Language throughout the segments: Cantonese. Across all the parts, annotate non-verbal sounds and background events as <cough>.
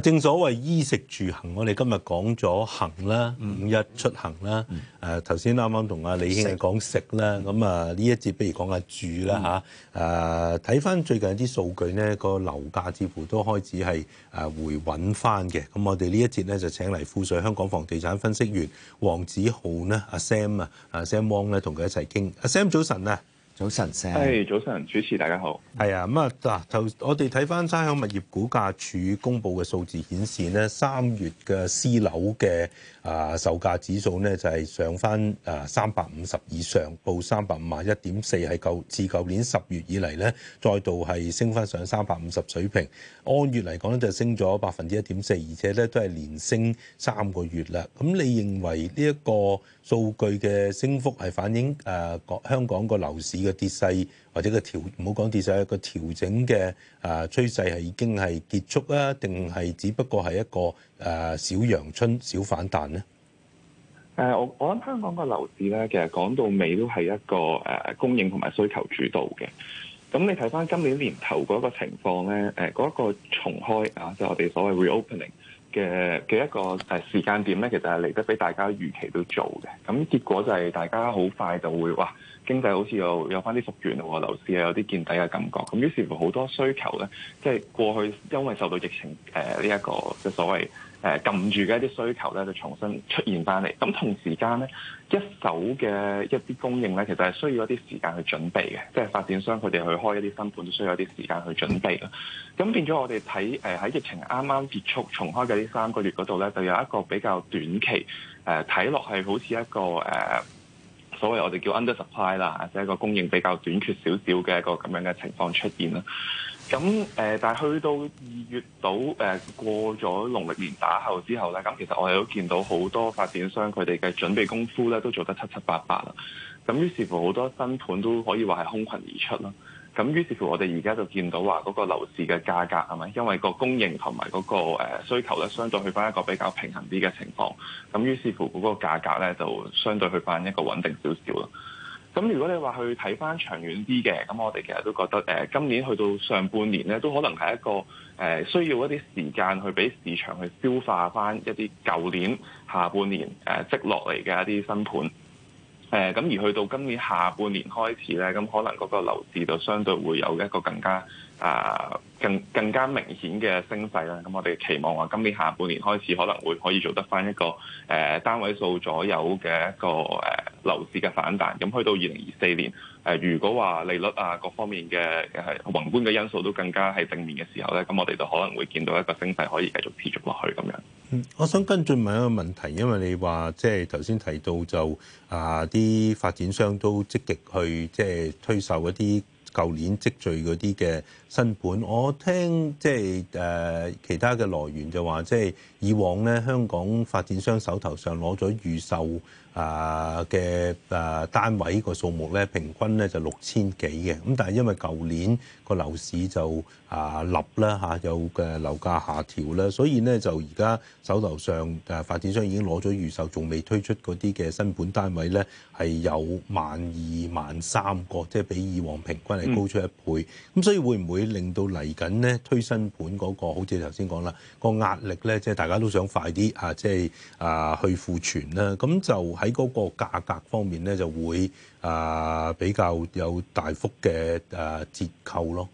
正所謂衣食住行，我哋今日講咗行啦，五一出行啦。誒頭先啱啱同阿李兄係講食啦，咁啊呢一節，不如講下住啦嚇。誒睇翻最近啲數據咧，個樓價似乎都開始係誒回穩翻嘅。咁我哋呢一節咧就請嚟富瑞香港房地產分析員黃梓皓咧，阿、啊、Sam 啊，阿 Sam Wong 咧，同佢一齊傾。阿 Sam 早晨啊！早晨，聲係早晨，主持大家好。係啊，咁啊嗱，頭，我哋睇翻香港物業估價署公布嘅數字顯示咧，三月嘅私樓嘅啊售價指數咧就係上翻誒三百五十以上，報三百五啊一點四，係舊自舊年十月以嚟咧再度係升翻上三百五十水平。按月嚟講咧就升咗百分之一點四，而且咧都係連升三個月啦。咁你認為呢一個數據嘅升幅係反映誒香港個樓市？個跌勢或者個調，唔好講跌勢，一個調整嘅誒趨勢係已經係結束啦，定係只不過係一個誒、啊、小陽春、小反彈咧？誒，我我諗香港個樓市咧，其實講到尾都係一個誒供應同埋需求主導嘅。咁你睇翻今年年頭嗰個情況咧，誒嗰一個重開啊，即係我哋所謂 reopening。嘅嘅一個時間點咧，其實係嚟得比大家預期都做嘅，咁結果就係大家好快就會話經濟好似有有翻啲復原喎，樓市有啲見底嘅感覺，咁於是乎好多需求咧，即係過去因為受到疫情誒呢一個即係所謂，誒撳住嘅一啲需求咧，就重新出現翻嚟。咁同時間咧，一手嘅一啲供應咧，其實係需要一啲時間去準備嘅，即係發展商佢哋去開一啲新盤都需要一啲時間去準備啦。咁變咗我哋睇誒喺疫情啱啱結束重開嘅呢三個月嗰度咧，就有一個比較短期誒睇落係好似一個誒。呃所謂我哋叫 under supply 啦，即係個供應比較短缺少少嘅一個咁樣嘅情況出現啦。咁誒、呃，但係去到二月度誒、呃、過咗農曆年打後之後咧，咁其實我哋都見到好多發展商佢哋嘅準備功夫咧都做得七七八八啦。咁於是乎好多新盤都可以話係空群而出啦。咁於是乎，我哋而家就見到話嗰個樓市嘅價格係咪？因為個供應同埋嗰個需求咧，相對去翻一個比較平衡啲嘅情況。咁於是乎，嗰個價格咧就相對去翻一個穩定少少咯。咁如果你話去睇翻長遠啲嘅，咁我哋其實都覺得誒、呃，今年去到上半年咧，都可能係一個誒、呃、需要一啲時間去俾市場去消化翻一啲舊年下半年誒、呃、積落嚟嘅一啲新盤。誒，咁而去到今年下半年開始咧，咁可能嗰個樓市就相對會有一個更加。啊，更更加明顯嘅升勢啦，咁我哋期望話今年下半年開始可能會可以做得返一個誒、呃、單位數左右嘅一個誒、呃、樓市嘅反彈，咁去到二零二四年誒、呃，如果話利率啊各方面嘅係宏觀嘅因素都更加係正面嘅時候咧，咁我哋就可能會見到一個升勢可以繼續持續落去咁樣。嗯，我想跟進問一個問題，因為你話即係頭先提到就啊，啲發展商都積極去即係、就是、推售一啲舊年積聚嗰啲嘅新盤，我聽即係誒、呃、其他嘅來源就話即係以往咧香港發展商手頭上攞咗預售啊嘅誒單位個數目咧，平均咧就六千幾嘅。咁但係因為舊年個樓市就、呃、立啊立啦吓有嘅樓價下調啦，所以咧就而家手頭上誒、啊、發展商已經攞咗預售，仲未推出嗰啲嘅新盤單位咧，係有萬二萬三個，即係比以往平均係高出一倍。咁、嗯、所以會唔會。令到嚟緊咧推新盤嗰、嗰個，好似頭先講啦，嗰個壓力咧，即係大家都想快啲啊，即係啊去庫存啦。咁就喺嗰個價格方面咧，就會啊比較有大幅嘅啊折扣咯。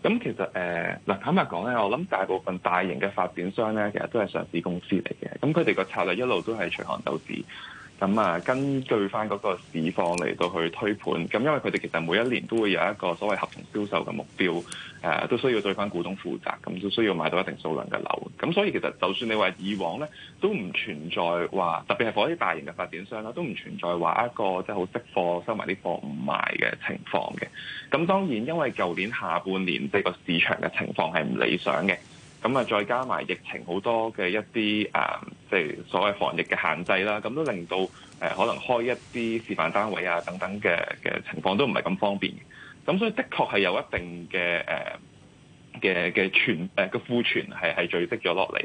咁其實誒，嗱、呃、坦白講咧，我諗大部分大型嘅發展商咧，其實都係上市公司嚟嘅。咁佢哋個策略一路都係隨行就市。咁啊，根據翻嗰個市況嚟到去推盤，咁、嗯、因為佢哋其實每一年都會有一個所謂合同銷售嘅目標，誒、呃、都需要對翻股東負責，咁、嗯、都需要買到一定數量嘅樓，咁、嗯、所以其實就算你話以往咧，都唔存在話，特別係火起大型嘅發展商啦，都唔存在話一個即係好積貨收埋啲貨唔賣嘅情況嘅。咁、嗯、當然因為舊年下半年即係個市場嘅情況係唔理想嘅。咁啊，再加埋疫情好多嘅一啲誒、呃、即係所謂防疫嘅限制啦，咁都令到誒、呃、可能開一啲示範單位啊等等嘅嘅情況都唔係咁方便嘅。咁所、呃呃、所以，的確係有一定嘅誒嘅嘅存誒個庫存係係聚積咗落嚟。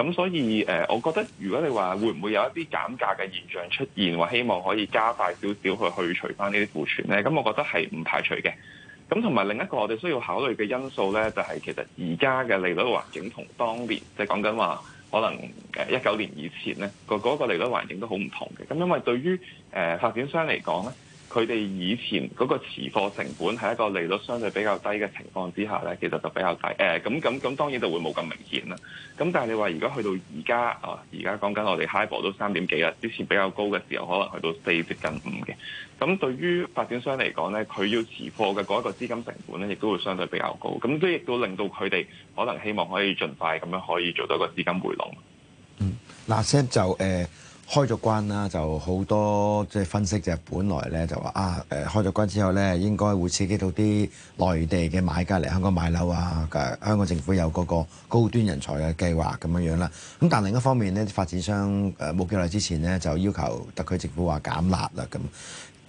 咁所以誒我覺得如果你話會唔會有一啲減價嘅現象出現，或希望可以加快少少去去除翻呢啲庫存咧，咁我覺得係唔排除嘅。咁同埋另一個我哋需要考慮嘅因素咧，就係、是、其實而家嘅利率環境同當年，即係講緊話可能誒一九年以前咧，個、那、嗰個利率環境都好唔同嘅。咁因為對於誒、呃、發展商嚟講咧，佢哋以前嗰個持貨成本係一個利率相對比較低嘅情況之下咧，其實就比較低。誒咁咁咁，當然就會冇咁明顯啦。咁但係你話如果去到而家啊，而家講緊我哋 HIBOR 都三點幾啦，之前比較高嘅時候可能去到四接近五嘅。咁對於發展商嚟講咧，佢要持貨嘅嗰一個資金成本咧，亦都會相對比較高。咁都亦都令到佢哋可能希望可以盡快咁樣可以做到一個資金回籠。嗯，嗱 s 就誒、呃、開咗關啦，就好多即係分析就係本來咧就話啊誒、呃、開咗關之後咧，應該會刺激到啲內地嘅買家嚟香港買樓啊。香港政府有嗰個高端人才嘅計劃咁樣樣啦。咁但另一方面呢，發展商誒冇幾耐之前呢，就要求特區政府話減壓啦咁。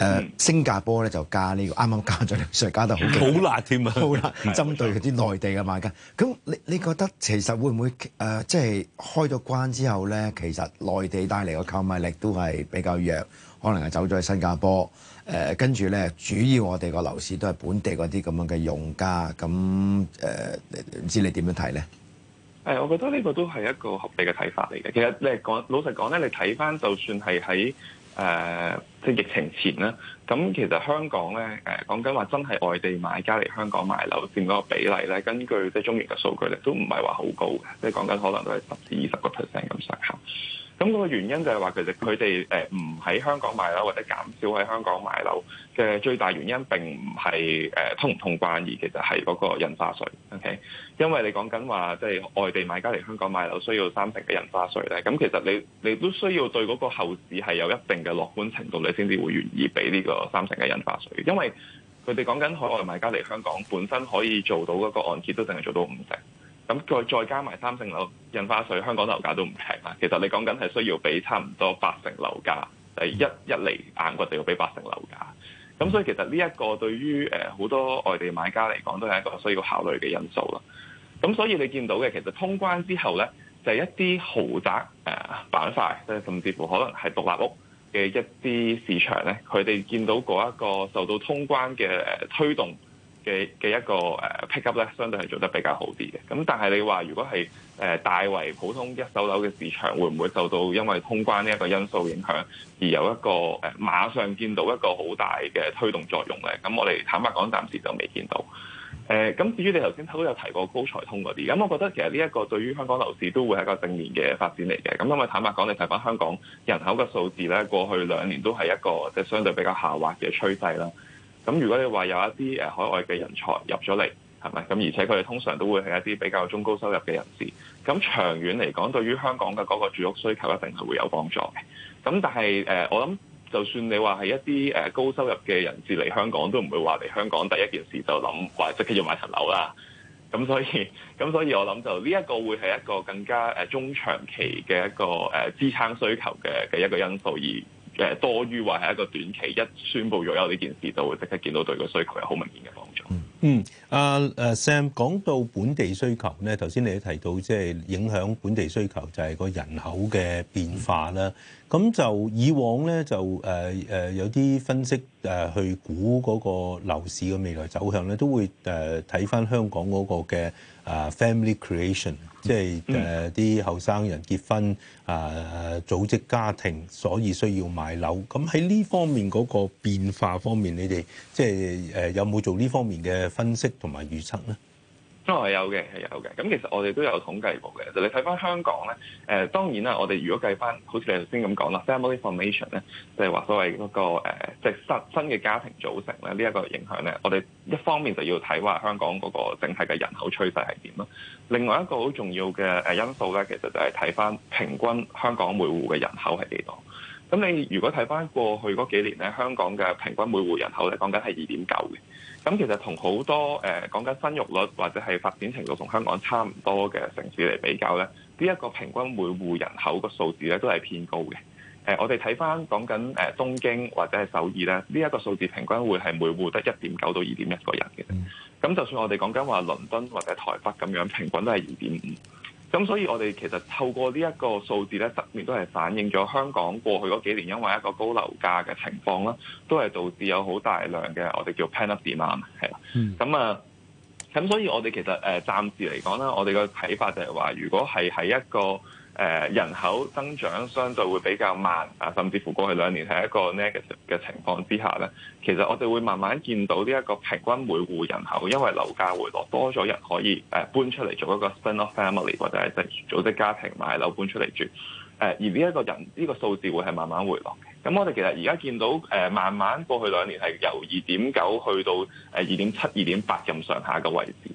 誒、uh, 新加坡咧就加呢、這個，啱啱加咗，上加得好勁，好 <laughs> 辣添啊！好辣，對針對嗰啲內地嘅買家。咁、嗯、你你覺得其實會唔會誒、呃、即係開咗關之後咧，其實內地帶嚟嘅購買力都係比較弱，可能係走咗去新加坡。誒跟住咧，主要我哋個樓市都係本地嗰啲咁樣嘅用家。咁誒唔知你點樣睇咧？誒，我覺得呢個都係一個合理嘅睇法嚟嘅。其實你講老實講咧，你睇翻就算係喺誒，uh, 即係疫情前啦，咁其實香港咧，誒講緊話真係外地買家嚟香港買樓佔嗰個比例咧，根據即係中原嘅數據咧，都唔係話好高嘅，即係講緊可能都係十至二十個 percent 咁上下。咁個原因就係話，其實佢哋誒唔喺香港買樓，或者減少喺香港買樓嘅最大原因並唔係誒通唔通關，而其實係嗰個印花稅。OK，因為你講緊話，即係外地買家嚟香港買樓需要三成嘅印花稅咧。咁其實你你都需要對嗰個後市係有一定嘅樂觀程度，你先至會願意俾呢個三成嘅印花稅。因為佢哋講緊海外買家嚟香港本身可以做到嗰個按揭都淨係做到五成。咁再再加埋三成樓印花稅，香港樓價都唔平啦。其實你講緊係需要俾差唔多八成樓價，係、就是、一一嚟硬個地要俾八成樓價。咁所以其實呢一個對於誒好多外地買家嚟講，都係一個需要考慮嘅因素啦。咁所以你見到嘅其實通關之後咧，就係、是、一啲豪宅誒、呃、板塊，即係甚至乎可能係獨立屋嘅一啲市場咧，佢哋見到嗰一個受到通關嘅誒、呃、推動。嘅嘅一個誒 pick up 咧，相對係做得比較好啲嘅。咁但係你話，如果係誒大圍普通一手樓嘅市場，會唔會受到因為通關呢一個因素影響而有一個誒馬上見到一個好大嘅推動作用咧？咁我哋坦白講，暫時就未見到。誒咁至於你頭先都有提過高才通嗰啲，咁我覺得其實呢一個對於香港樓市都會係一個正面嘅發展嚟嘅。咁因為坦白講，你提翻香港人口嘅數字咧，過去兩年都係一個即係、就是、相對比較下滑嘅趨勢啦。咁如果你話有一啲誒海外嘅人才入咗嚟，係咪？咁而且佢哋通常都會係一啲比較中高收入嘅人士。咁長遠嚟講，對於香港嘅嗰個住屋需求一定係會有幫助嘅。咁但係誒，我諗就算你話係一啲誒高收入嘅人士嚟香港，都唔會話嚟香港第一件事就諗話即刻要買層樓啦。咁所以，咁所以，所以我諗就呢一個會係一個更加誒中長期嘅一個誒支撐需求嘅嘅一個因素而。誒多於話係一個短期，一宣佈咗有呢件事，就會即刻見到對個需求有好明顯嘅幫助。嗯，啊誒 Sam 講到本地需求咧，頭先你都提到即係影響本地需求就係個人口嘅變化啦。咁、嗯、就以往咧就誒誒有啲分析誒去估嗰個樓市嘅未來走向咧，都會誒睇翻香港嗰個嘅誒 family creation，即係誒啲後生人結婚啊、組織家庭，所以需要買樓。咁喺呢方面嗰個變化方面，你哋即係誒有冇做呢方面嘅？分析同埋預測咧，都係、oh，有嘅，係有嘅。咁其實我哋都有統計過嘅。其、就是，你睇翻香港咧，誒當然啦，我哋如果計翻，好似你頭先咁講啦，family formation 咧、那個，就係話所謂嗰個即係新新嘅家庭組成咧，呢一個影響咧，我哋一方面就要睇話香港嗰個整體嘅人口趨勢係點囉。另外一個好重要嘅誒因素咧，其實就係睇翻平均香港每戶嘅人口係幾多。咁你如果睇翻過去嗰幾年咧，香港嘅平均每戶人口咧講緊係二點九嘅。咁其實同好多誒講緊生育率或者係發展程度同香港差唔多嘅城市嚟比較咧，呢一個平均每戶人口個數字咧都係偏高嘅。誒我哋睇翻講緊誒東京或者係首爾咧，呢一個數字平均會係每戶得一點九到二點一個人嘅。咁就算我哋講緊話倫敦或者台北咁樣，平均都係二點五。咁所以我哋其實透過呢一個數字咧，特別都係反映咗香港過去嗰幾年因為一個高樓價嘅情況啦，都係導致有好大量嘅我哋叫 pen up demand 係啦。咁啊，咁、嗯、所以我哋其實誒暫時嚟講啦，我哋嘅睇法就係話，如果係喺一個誒人口增長相對會比較慢啊，甚至乎過去兩年係一個 negative 嘅情況之下咧，其實我哋會慢慢見到呢一個平均每戶人口，因為樓價回落多咗人可以誒搬出嚟做一個 spin-off family 或者係組組織家庭買樓搬出嚟住，誒而呢一個人呢、這個數字會係慢慢回落嘅。咁我哋其實而家見到誒、呃、慢慢過去兩年係由二點九去到誒二點七、二點八咁上下嘅位置。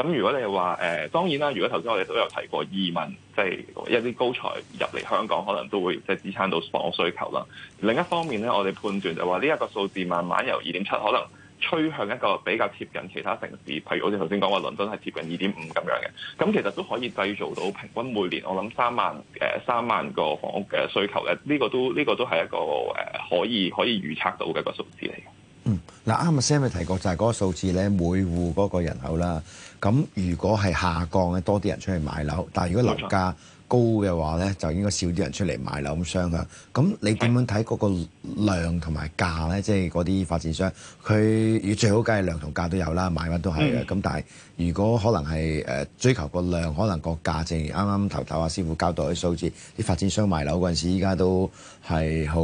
咁如果你話誒當然啦，如果頭先我哋都有提過移民，即係一啲高材入嚟香港，可能都會即係支撐到房屋需求啦。另一方面咧，我哋判斷就話呢一個數字慢慢由二點七，可能趨向一個比較接近其他城市，譬如好似頭先講話倫敦係接近二點五咁樣嘅。咁其實都可以製造到平均每年我諗三萬誒三萬個房屋嘅需求嘅。呢個都呢個都係一個誒可以可以預測到嘅一個數字嚟嘅。嗯。嗱啱先咪提過就係、是、嗰個數字咧，每戶嗰個人口啦。咁如果係下降嘅，多啲人出去買樓，但係如果樓價，高嘅話呢，就應該少啲人出嚟買樓，咁相向。咁你點樣睇嗰個量同埋價呢？即係嗰啲發展商，佢要最好梗係量同價都有啦，買乜都係嘅。咁、mm. 但係如果可能係誒追求個量，可能個價正如啱啱頭頭阿、啊、師傅交代啲數字，啲發展商賣樓嗰陣時，依家都係好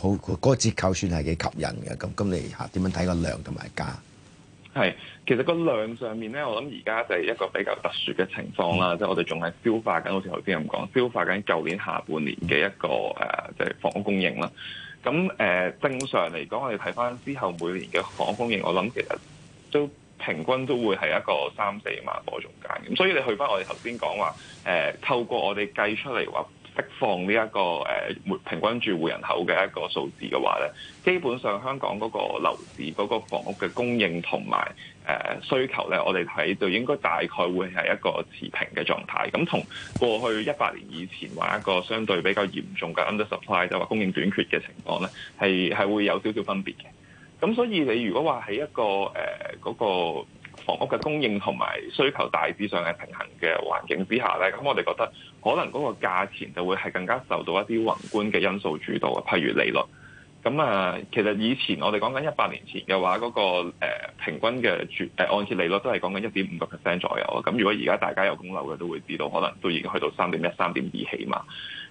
好嗰個折扣算係幾吸引嘅。咁咁你嚇點樣睇個量同埋價呢？係，其實個量上面咧，我諗而家就係一個比較特殊嘅情況啦，即係我哋仲係消化緊，好似頭先咁講，消化緊舊年下半年嘅一個誒，即係房屋供應啦。咁誒正常嚟講，我哋睇翻之後每年嘅房屋供應，我諗其實都平均都會係一個三四萬伙中間。咁所以你去翻我哋頭先講話誒，透過我哋計出嚟話。釋放呢、這、一個誒、呃、平均住戶人口嘅一個數字嘅話咧，基本上香港嗰個樓市嗰個房屋嘅供應同埋誒需求咧，我哋睇就應該大概會係一個持平嘅狀態。咁同過去一百年以前話一個相對比較嚴重嘅 under supply，就話供應短缺嘅情況咧，係係會有少少分別嘅。咁所以你如果話喺一個誒嗰、呃那個房屋嘅供應同埋需求大致上嘅平衡嘅環境之下咧，咁我哋覺得可能嗰個價錢就會係更加受到一啲宏觀嘅因素主導啊，譬如利率。咁啊，其實以前我哋講緊一百年前嘅話，嗰個誒、呃、平均嘅住誒按揭利率都係講緊一點五個 percent 左右啊。咁如果而家大家有供樓嘅都會知道，可能都已經去到三點一、三點二起碼。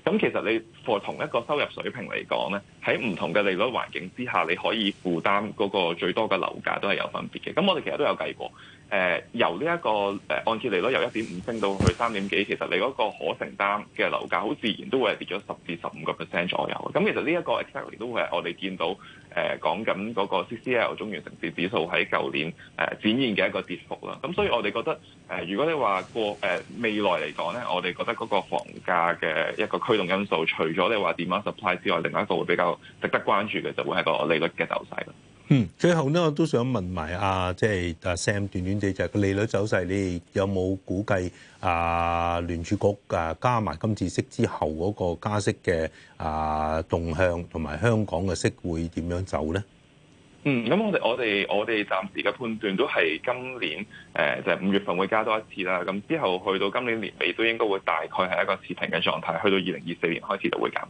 咁其實你 for 同一個收入水平嚟講咧，喺唔同嘅利率環境之下，你可以負擔嗰個最多嘅樓價都係有分別嘅。咁我哋其實都有計過，誒、呃、由呢、這、一個誒、呃、按揭利率由一點五升到去三點幾，其實你嗰個可承擔嘅樓價好自然都會係跌咗十至十五個 percent 左右。咁其實呢一個 exactly 都會係我哋見到。誒講緊嗰個 CCL 中原城市指數喺舊年誒、呃、展現嘅一個跌幅啦，咁、嗯、所以我哋覺得誒、呃，如果你話過誒、呃、未來嚟講咧，我哋覺得嗰個房價嘅一個驅動因素，除咗你話點樣 supply 之外，另外一個會比較值得關注嘅，就會係個利率嘅走勢啦。嗯，最後呢，我都想問埋阿即係阿 Sam 段段地，就係、利率走勢，你哋有冇估計啊聯儲局啊加埋今次息之後嗰個加息嘅啊動向，同埋香港嘅息會點樣走呢？嗯，咁我哋我哋我哋暫時嘅判斷都係今年誒，就係、是、五月份會加多一次啦。咁之後去到今年年尾都應該會大概係一個持平嘅狀態，去到二零二四年開始就會減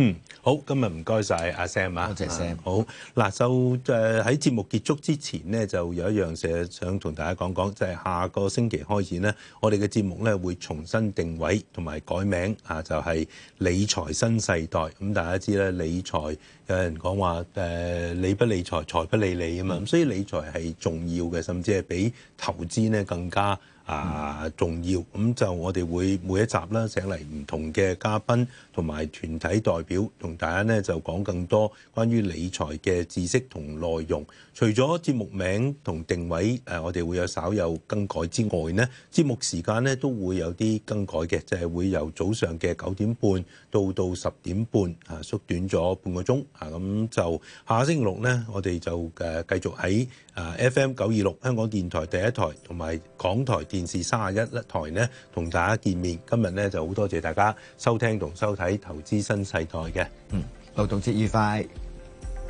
嗯，好，今日唔該晒阿 Sam 啊，多謝 Sam。好，嗱，就誒喺節目結束之前呢，就有一樣嘢想同大家講講，就係下個星期開始呢，我哋嘅節目呢會重新定位同埋改名啊，就係理財新世代。咁大家知咧，理財有人講話誒理不理財，財不理你啊嘛，咁所以理財係重要嘅，甚至係比投資呢更加啊重要。咁就我哋會每一集啦，請嚟唔同嘅嘉賓。同埋團體代表同大家咧就講更多關於理財嘅知識同內容。除咗節目名同定位誒，我哋會有稍有更改之外咧，節目時間咧都會有啲更改嘅，就係會由早上嘅九點半到到十點半啊，縮短咗半個鐘啊。咁就下星期六咧，我哋就誒繼續喺啊 FM 九二六香港電台第一台同埋港台電視三十一台咧，同大家見面。今日咧就好多謝大家收聽同收睇，喺投資新世代嘅，嗯，勞動節愉快。